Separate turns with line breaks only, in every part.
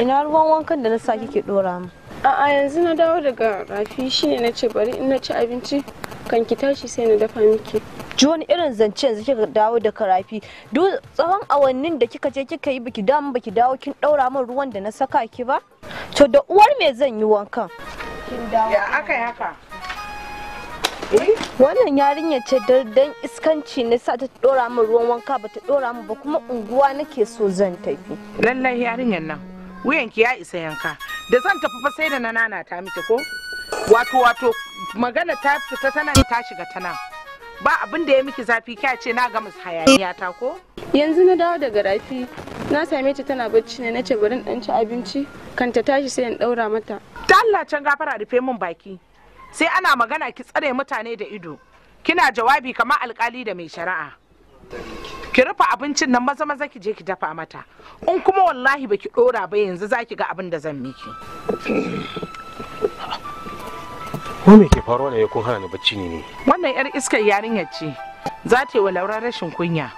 ina ruwan wankan da na sa kike dora mu a'a yanzu na dawo daga rafi shine na ce bari in na ci abinci kan ki tashi sai na dafa miki joni irin zance yanzu kika dawo da karafi duk tsawon awannin da kika je kika yi biki damu biki dawo kin daura min ruwan da na saka ki ba to da uwar me zan yi wankan
ya aka haka eh? wannan
yarinya ce dardan iskanci ne sa ta dora min ruwan wanka ba ta dora min ba kuma unguwa
nake so zan tafi lallai yarinyar nan wuyanki ya isa yanka da zan tafi fa sai da na nana ta miki ko wato wato magana ta fita tana ta shiga tana ba abin da ya miki zafi kya ce na gama hayaniya ta ko
yanzu na dawo daga rafi na same ta tana bacci ne nace bari in ci abinci kan ta tashi sai in daura mata
ta Allah can gafara rufe min baki sai ana magana ki tsare mutane da ido kina jawabi kamar alkali da mai shari'a ki rufe abincin nan maza maza ki je ki dafa mata in kuma wallahi baki dora ba yanzu zaki ga abin da zan miki
ko me ke faruwa ne kun hana ni bacci ne
wannan yar iskar yarinyar ce za ta yi wa laura rashin kunya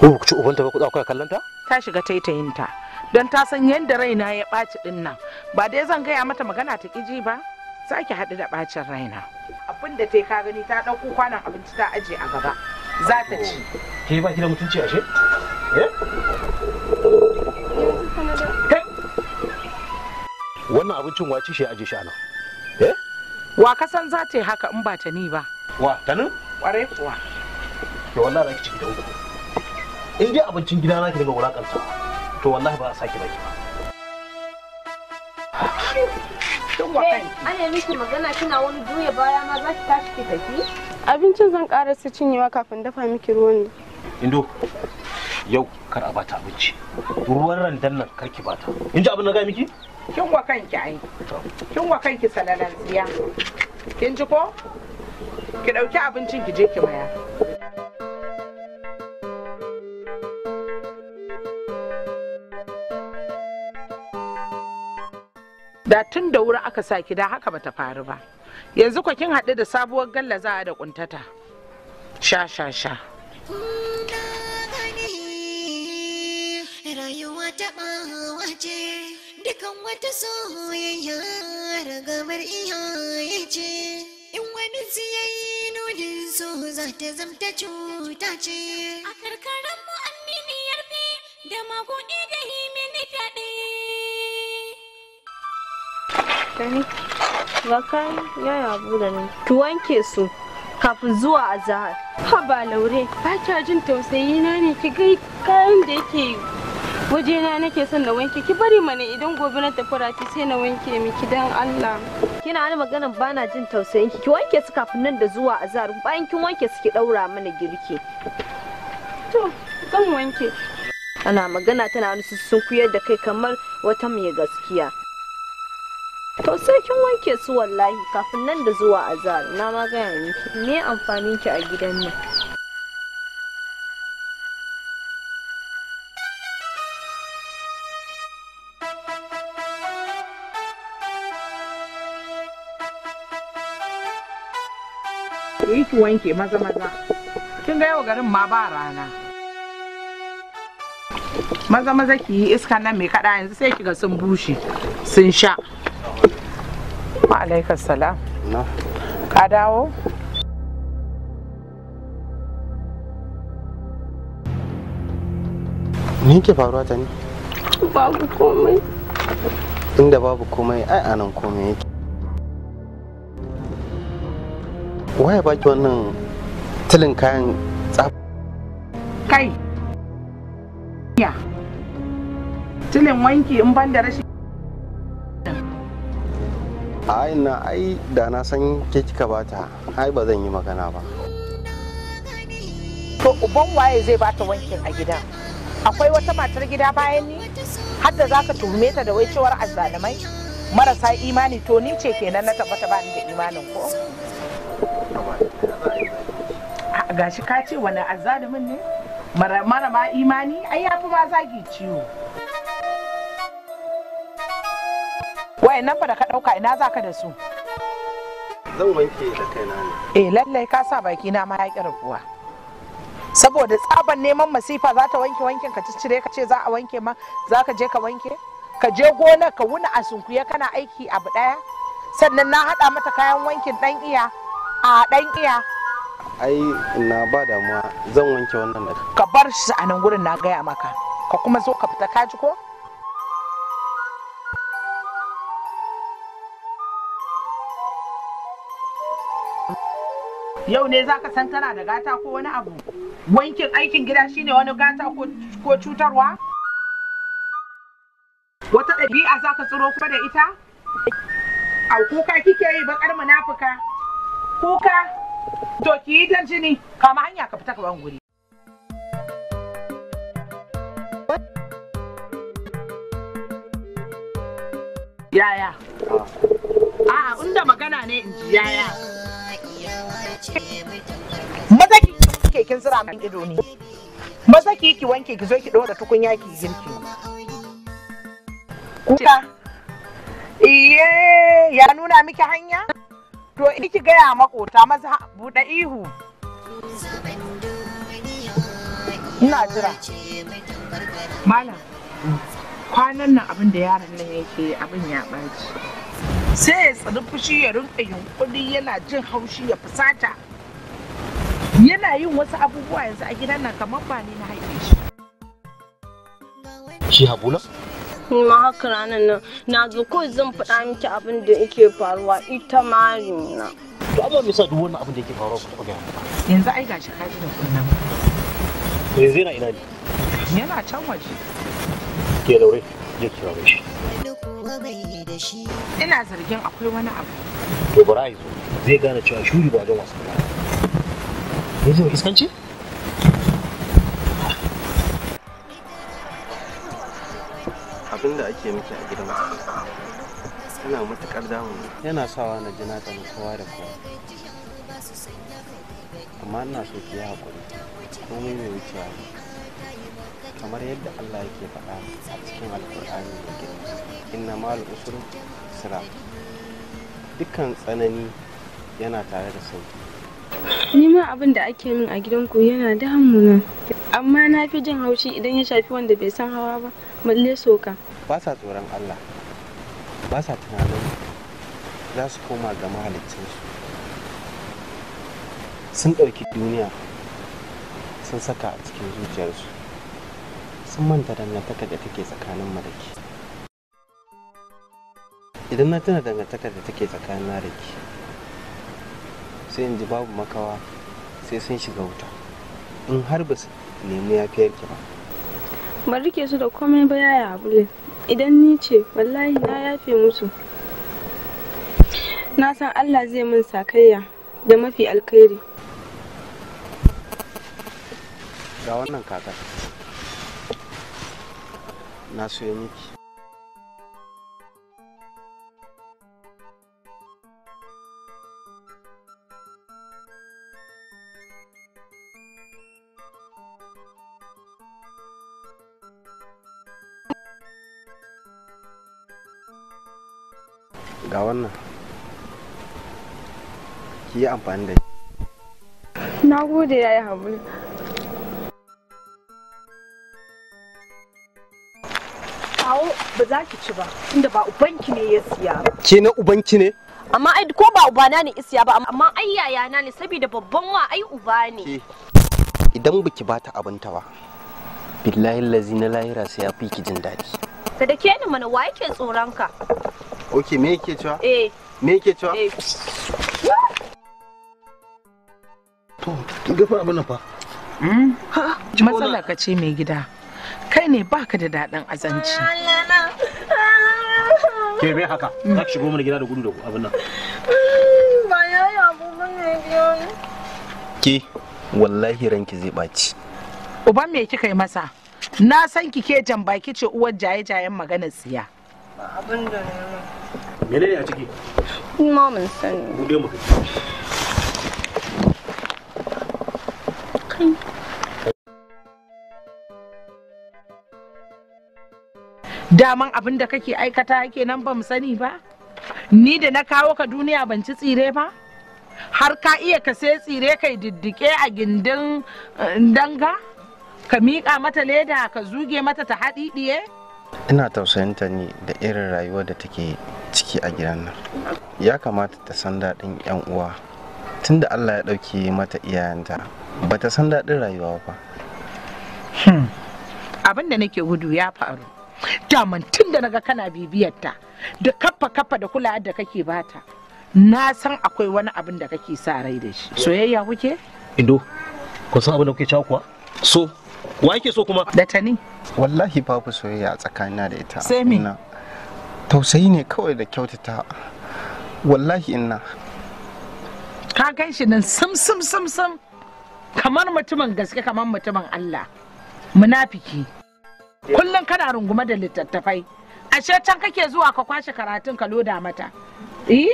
ko ku ci ubanta ba ku tsaka kallanta ta shiga taitayinta don ta san yadda raina ya ɓaci ɗin nan ba dai zan gaya mata magana ta ƙiji ba za ki haɗu da ɓacin raina abin da ta ka gani ta ɗauko kwanan abinci ta aje a gaba za ta ci ke ba ki da mutunci ashe eh?
wannan abincin wace shi aje shi a nan eh?
wa kasan za ta yi haka in ba ta ni ba wa ta nan ƙwarai kuwa ke wannan
da ki ciki da uku in dai abincin gida na ki daga wulakanta to wallahi ba a sake baki ba
kin wa eh, kanki miki magana kina wani juya baya ma za ki tashi ki tafi abincin zan ƙara su cinyewa kafin dafa miki
ruwan
indo yau kar a bata abinci ruwan randan nan kar ki bata in ji abin na ga miki
kin wa kanki ai kin wa kanki salalan tsiya kin ji ko ki dauki abincin ki je ki maya. da tun da wuri aka sa ki da haka bata faru ba yanzu kwa kin haɗu da sabuwar galla za a da ƙuntata sha sha sha
rayuwa ta ɓawace, dukan wata soyayya ragamar iyaye
ce in wani siyayi nunin so za ta zamta cuta ce a karkarar mu da magudi gani wakai ya yabu da ni ki wanke su kafin zuwa azahar haba laure ba kya jin tausayi na ne ki gai kayan da yake wajena nake son na wanke ki bari mana idan gobe na tafi rafi sai na wanke miki dan Allah kina ni maganan bana jin tausayin ki ki wanke su kafin nan da zuwa azar bayan kin wanke su ki daura mana girki to zan wanke ana magana tana wani sussunkuyar da kai kamar wata mai gaskiya to sai kin wanke su wallahi kafin nan da zuwa azar na ma gaya miki me amfanin ki a gidan nan
yi ki wanke maza maza kin ga yau garin ma ba rana maza maza ki yi iska nan mai kada yanzu sai kiga sun bushe sun sha alaikar salam ka dawo
ni ke faruwa ta ne babu komai inda babu komai ai anan komai yake waya baki wannan tilin kayan tsaf
kai ya tilin wanki in ban da rashin
a na ai da na san ke kika bata ai ba zan yi magana ba
to uban waye zai bata wankin a gida akwai wata matar gida bayan ni har da zaka tuhume ta da wai cewar azzalumai marasa imani to ni ce kenan na tabbata ba ni da imanin ko gashi ka ce wani azzalumin ne mara ma imani ai yafi ma zagi ciwo wayannan fa da ka dauka ina ka da su zan
wanke da kaina ne
eh lallai ka sa baki na ma ya ki rabuwa saboda tsaban neman masifa za ta wanke wankin ka ciccire ka ce za a wanke ma za ka je ka wanke ka je gona ka wuna a sunkuye kana aiki abu daya sannan na hada mata kayan wankin dan iya a dan iya
ai na ba damuwa zan wanke wannan da
ka bar shi a nan gurin na gaya maka ka kuma zo ka fita ka ji ko yau ne za ka san tana da gata ko wani abu wankin aikin gida shine wani gata ko cutarwa wata ɗabi'a za ka tsiro kuma da ita A kuka kike yi bakar munafuka kuka to ki yi dan jini kama hanya ka fita ka guri yaya ah. a inda magana ne in ji yaya Mazaki ki ke kin zira min ido ne Mazaki ki wanke ki zo ki dora tukunya ki girki kuka iye ya nuna miki hanya to in ki gaya makota maza buɗe ihu ina jira malam kwanan nan abin da yaron nan yake abin ya ɓaci sai ya tsari fushi ya rinka yunkuri yana jin haushi ya fusata yana yin wasu abubuwa yanzu a gidan nan kamar ba ni na haife
shi shi habula
Kuma haka ranar nan na zo kawai zan faɗa miki abin da yake faruwa ita ma
na to amma me yasa duk wannan abin da yake faruwa ku taɓa gaya
yanzu ai gashi ka ji da
kunnan to yanzu yana ina
ne yana can waje
ke daure je kira shi
da shi ina zargin akwai wani abu
to bara zo zai gane cewa shuri ba don wasu ba yanzu iskanci abin da ake miki a gidan yana matukar damu yana sawa na jina ta kowa da kowa amma ina so ki yi hakuri komai mai wucewa kamar yadda Allah yake faɗa a cikin alkur'ani da girma inna malu usru sira dukkan tsanani yana tare da sauki
ni ma abin da ake min a gidanku yana damuna amma na fi jin haushi idan ya shafi wanda bai san hawa ba malle soka
ba sa tsoron allah ba sa tunanin za su koma ga mahalicinsu sun ɗauki duniya sun saka a cikin zuciyarsu sun manta dangantaka da take tsakanin mu da ke idan na tuna dangantakar da take tsakanin na ke sai in ji babu makawa sai sun shiga wuta in har ba su nemi yafiyar ki ba
ban rike su da komai ba ya abule idan ni ce wallahi na yafe musu na san allah zai min sakayya da mafi alkhairi
ga wannan kakar na so miki wannan ki yi amfani da
shi na gode ya yi habu kawo ba za ki ci ba inda ba ubanki ne ya siya
ba
ke na ubanki ne
amma ai ko ba uba na ne isiya ba amma ai yaya na ne saboda babban wa ai uba ne
idan biki bata abinta ba billahi lazi na lahira sai ya fi ki jin daɗi
ka da ke ni mana wa yake tsoron ka
ok me yake cewa eh me yake cewa eh
to kin ga fa abin nan fa mm ha matsala ka ce mai gida kai ne ba ka da dadin azanci
ke me haka za ki shigo mana gida da gudu da abin nan
ba ya yi abubuwan ne biyo
ke wallahi ranki zai ɓaci
uba me kika yi masa na san ki ke jan baki ce uwar jaye-jayen maganar tsiya
abin da ne menene a ciki sani bude
mu daman abin da kake aikata nan ba mu sani ba ni da na kawo ka duniya ban ci tsire ba har ka iya ka sai tsire kai diddike a gindin eh, danga ka miƙa mata leda ka zuge mata ta haɗiɗiye
ina tausayin ta ne da irin rayuwar da take ciki a gidan nan ya kamata ta san daɗin yan uwa tunda allah ya ɗauke mata iyayenta ba ta san daɗin rayuwa ba hmm.
abin da nake gudu ya faru daman tun da naga kana bibiyar ta da kafa kafa da kula da kake bata na san akwai wani abin da kake sa rai da shi soyayya kuke
ido kun san abin da kuke cewa kuwa so wa yake so kuma da ta ne wallahi babu soyayya tsakanina da ita sai me tausayi ne kawai da kyautata wallahi inna
ka gan shi nan sam sam sam sam kamar mutumin gaske kamar mutumin Allah munafiki kullum kana rungume da littattafai ashe can kake zuwa ka kwashe karatun ka loda mata eh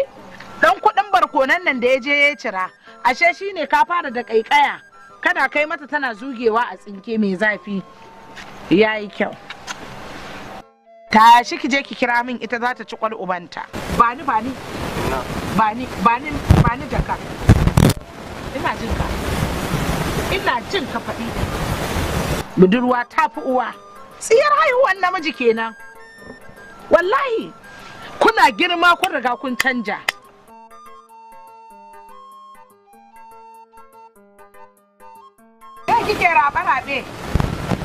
dan kudin barkonan nan da ya je ya cira ashe shine ka fara da kaikaya kada kai mata tana zugewa a tsinke mai zafi ya yi kyau tashi ki je ki kira min ita za ta ci kwal ubanta bani bani bani bani bani ka ina jin ka ina jin ka faɗi budurwa ta fi uwa tsiyar haihuwan namiji kenan wallahi kuna girma kun riga kun canja kike rabe-rabe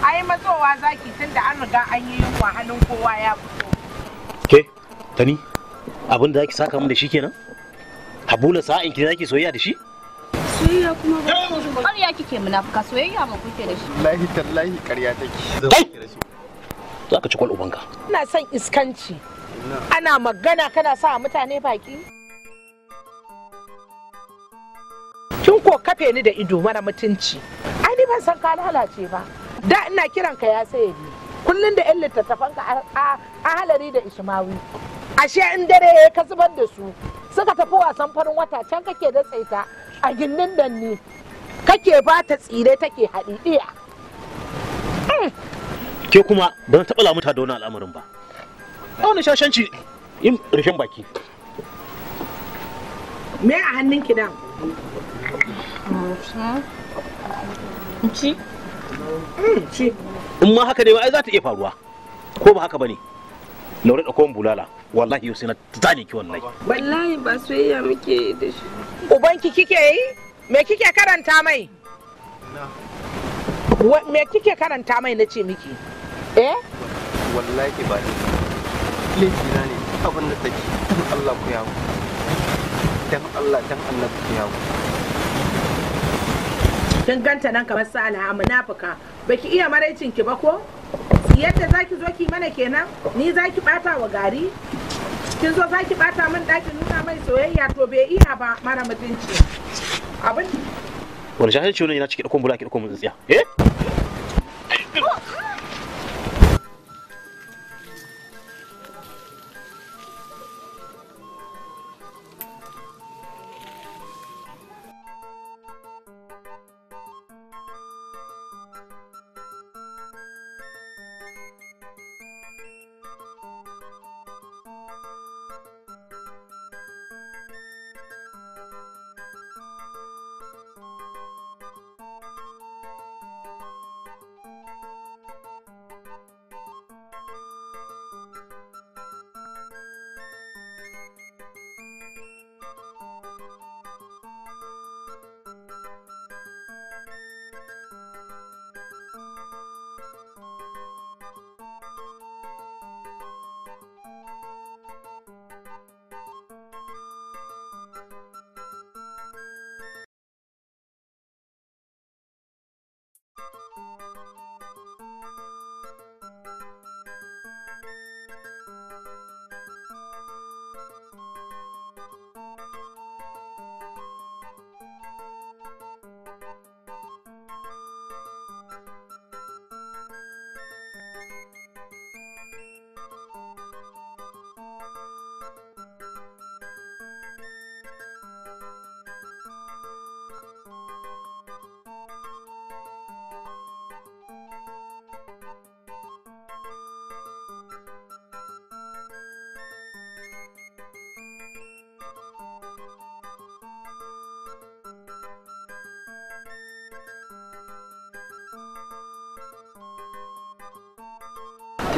ai matsowa zaki tun da an riga an yi yunwa hannun kowa ya fito
ke tani abin da zaki saka mun da shi kenan habula sa'in ki zaki soyayya da shi
soyayya kuma ba ƙarya kike munafuka soyayya ba kuke
da
shi wallahi tallahi ƙarya take za zaka ci kwal ubanka
ina son iskanci ana magana kana sa mutane baki kin ko kafe ni da ido mara mutunci ban san ka lalace ba da ina kiran ka ya saye ni kullun da yan littattafan ka a halari da ishmawi ashe in dare ya ka zubar da su suka tafi wasan farin wata can kake da tsaita a gindin danni kake ba ta tsire take haɗiɗiya hmm.
ke kuma ban taɓa lamuta da wani al'amarin ba wani shashanci yin rishin baki
me a hannun kidan ci
mm, ci in ma haka ne ma ai za ta iya faruwa ko ba haka bane laure da kowan bulala wallahi yau sai na zane ki wallahi wallahi
ba soyayya
muke da shi
ubanki kike yi me kike karanta mai me kike karanta mai na ce miki eh
wallahi ba ni laifina ne abin da take Allah ku yawo dan Allah dan Allah ku yawo
kin ganta nan kamar sa alha munafuka baki iya maraicin ki ba ko yadda zaki zo ki mana kenan ni zaki bata wa gari kin zo zaki bata min ɗakin nuna mai soyayya to bai iya ba mara mutunci abin
wani shahin ciwo ne yana cikin ɗaukun bula ki ɗaukun mutsiya eh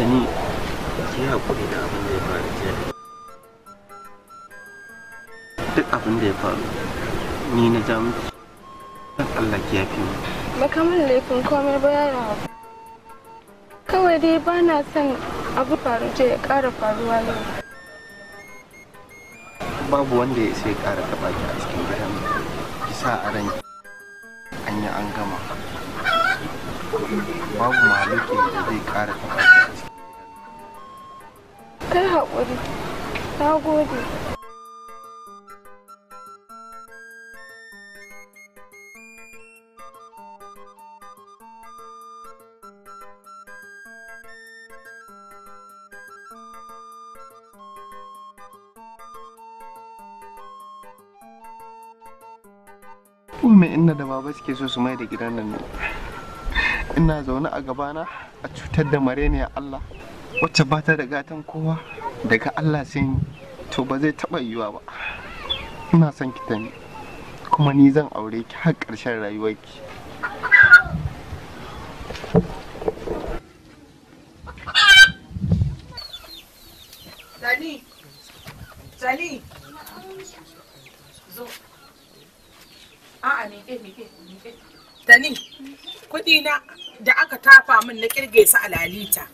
haka ni ki haƙuri
da abin da ya faru jiya duk abin da ya faru ni na ja miki dan Allah ki yafi mu
ba laifin komai ba ya yawa kawai dai ba na son abu faru jiya ya ƙara faruwa yau
babu wanda ya sai ƙara taɓa ki a cikin gidan ki sa a ranki an yi an gama babu mahalukin da zai ƙara taɓa ki
kai haƙuri na gode
inna da baba suke so su mai da gidan nan ina zaune a gabana a cutar da mareniya Allah wacce ba ta da gatan kowa daga Allah sai ni to ba zai taɓa yiwa ba ina son ki ta ne kuma ni zan aure ki har ƙarshen rayuwarki ki?
Sani, zo. na da aka tafa min na kirge su a lalita.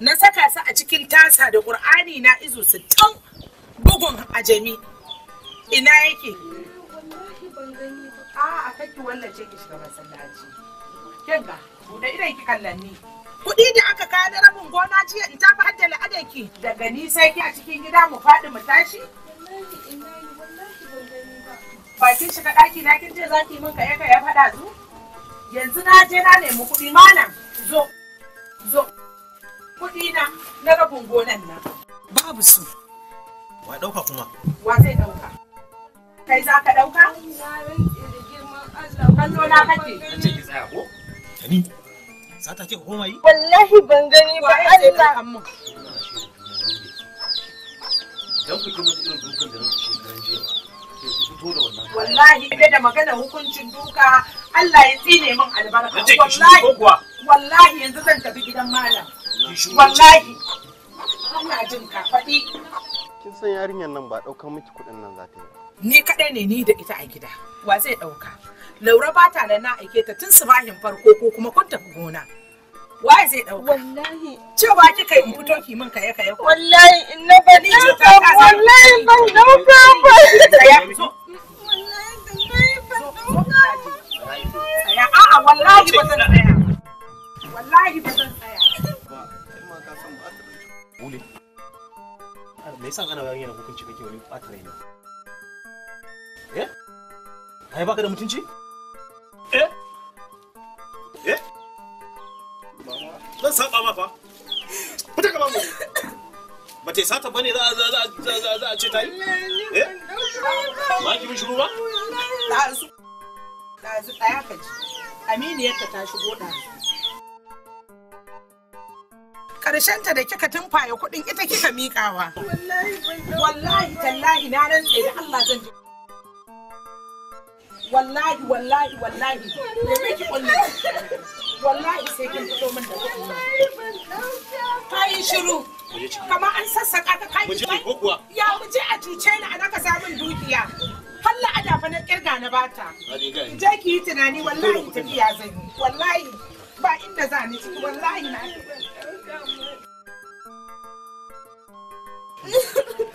na saka su a cikin tasa da ƙur'ani na izu sittin bugun ajami ina yake a a kake wallace ki shiga masallaci kinga buɗe idan ki kallanni kuɗi da aka kaya na rabin gona jiya in ta hadda da ki daga ni sai ki a cikin gida mu faɗi mu tashi bakin shiga ɗaki na kin ce za ki min kaya kaya faɗa zu yanzu na je na nemi kuɗi malam zo na rabin gonan nan. Babu su. Wa ɗauka kuma? Wa zai ɗauka? Kai za ka ɗauka? Kallo na kake. An ce
ki tsaya ko? Tani. Za ta ke koma yi?
Wallahi ban gani ba Allah.
Dan ku kuma irin dukan da na ku shekaran jiya ba.
Wallahi ina da magana hukuncin duka Allah ya tsine min albarka. Wallahi yanzu zan tafi gidan malam. wallahi ana jin ka faɗi kin san yarinyar nan ba ɗaukar miki kuɗin nan za ta yi ni kaɗai ne ni da ita a gida wa zai ɗauka laura ba ta da na aike ta tun subahin farko ko kuma kun tafi gona wa zai ɗauka wallahi cewa kika yi fito ki min kaye kaye wallahi in wallahi wallahi wallahi
Ule. Me yasa ana yarinya hukunci kake wani ɓata rai ne? Eh? Ai da mutunci? Eh? Eh? Zan saba ma fa. Fita ka ba mu. Ba ta sata bane za za a ce ta yi? Eh?
Ba ki mun ba? Ɗazu. Ɗazu ɗaya ka karshen ta da kika tumfaye kuɗin ita kika miƙawa. Wallahi tallahi na rantse da Allah zan ji. Wallahi wallahi wallahi me miki kullum. Wallahi sai kin fito min da kuɗi. Ka yi shiru. Kamar an sassaka ka kai. Ya mu je a cuce ni a naka samun dukiya. Halla a dafa na kirga na bata. Je ki yi tunani wallahi tafiya zan yi. Wallahi ba inda za ni ciki wallahi na. ウ
フフフ。